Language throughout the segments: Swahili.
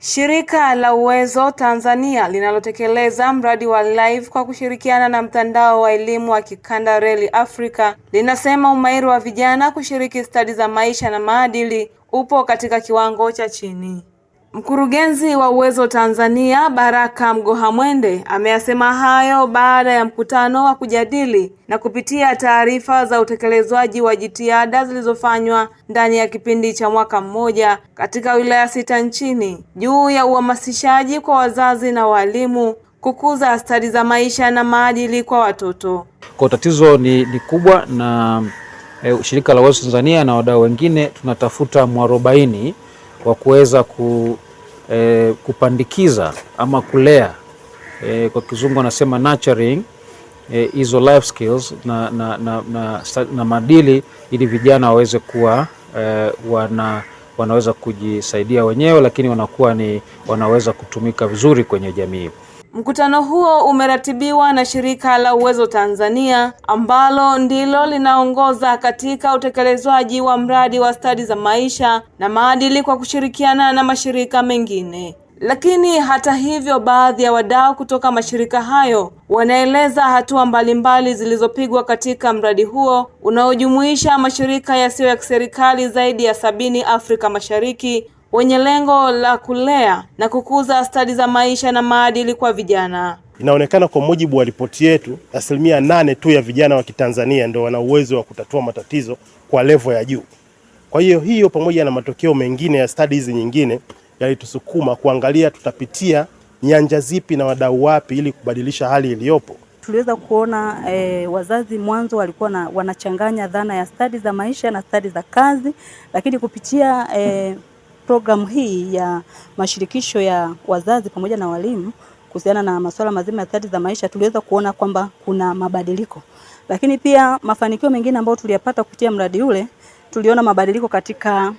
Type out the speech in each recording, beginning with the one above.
Shirika la Uwezo Tanzania linalotekeleza mradi wa LIVE kwa kushirikiana na mtandao wa elimu wa kikanda Reli Africa linasema umahiri wa vijana kushiriki stadi za maisha na maadili upo katika kiwango cha chini. Mkurugenzi wa Uwezo Tanzania Baraka Mgohamwende ameyasema hayo baada ya mkutano wa kujadili na kupitia taarifa za utekelezwaji wa jitihada zilizofanywa ndani ya kipindi cha mwaka mmoja katika wilaya sita nchini juu ya uhamasishaji kwa wazazi na walimu kukuza stadi za maisha na maadili kwa watoto. Kwa tatizo ni, ni kubwa na e, shirika la Uwezo Tanzania na wadau wengine tunatafuta mwarobaini wa kuweza eh, kupandikiza ama kulea eh, kwa kizungu anasema nurturing hizo eh, life skills na, na, na, na, na maadili ili vijana waweze kuwa eh, wana wanaweza kujisaidia wenyewe, lakini wanakuwa ni wanaweza kutumika vizuri kwenye jamii. Mkutano huo umeratibiwa na Shirika la Uwezo Tanzania ambalo ndilo linaongoza katika utekelezwaji wa mradi wa stadi za maisha na maadili kwa kushirikiana na mashirika mengine. Lakini hata hivyo, baadhi ya wadau kutoka mashirika hayo wanaeleza hatua mbalimbali zilizopigwa katika mradi huo unaojumuisha mashirika yasiyo ya kiserikali zaidi ya sabini Afrika Mashariki wenye lengo la kulea na kukuza stadi za maisha na maadili kwa vijana. Inaonekana kwa mujibu wa ripoti yetu, asilimia nane tu ya vijana wa Kitanzania ndio wana uwezo wa kutatua matatizo kwa levo ya juu. Kwa hiyo hiyo pamoja na matokeo mengine ya stadi hizi nyingine yalitusukuma kuangalia tutapitia nyanja zipi na wadau wapi ili kubadilisha hali iliyopo. Tuliweza kuona e, wazazi mwanzo walikuwa na, wanachanganya dhana ya stadi za maisha na stadi za kazi, lakini kupitia e, programu hii ya mashirikisho ya wazazi pamoja na walimu kuhusiana na masuala mazima ya stadi za maisha, tuliweza kuona kwamba kuna mabadiliko, lakini pia mafanikio mengine ambayo tuliyapata kupitia mradi ule, tuliona mabadiliko katika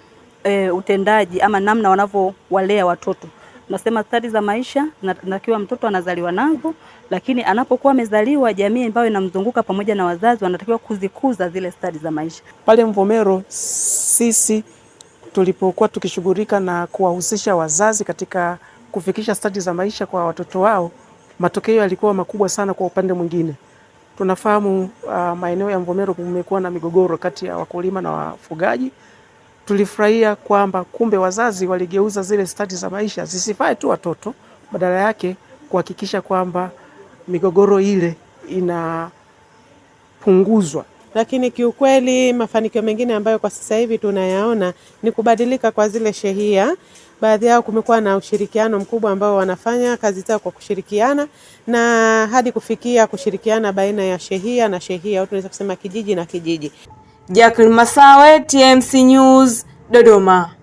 e, utendaji ama namna wanavyowalea watoto. Nasema stadi za maisha nakiwa mtoto anazaliwa nazo, lakini anapokuwa amezaliwa, jamii ambayo inamzunguka pamoja na wazazi wanatakiwa kuzikuza zile stadi za maisha. Pale Mvomero sisi tulipokuwa tukishughulika na kuwahusisha wazazi katika kufikisha stadi za maisha kwa watoto wao, matokeo yalikuwa makubwa sana kwa upande mwingine. Tunafahamu uh, maeneo ya Mvomero kumekuwa na migogoro kati ya wakulima na wafugaji. Tulifurahia kwamba kumbe wazazi waligeuza zile stadi za maisha zisifae tu watoto, badala yake kuhakikisha kwamba migogoro ile inapunguzwa lakini kiukweli mafanikio mengine ambayo kwa sasa hivi tunayaona ni kubadilika kwa zile shehia. Baadhi yao kumekuwa na ushirikiano mkubwa ambao wanafanya kazi zao kwa kushirikiana na hadi kufikia kushirikiana baina ya shehia na shehia au tunaweza kusema kijiji na kijiji. Jacqueline Masawe, TMC News, Dodoma.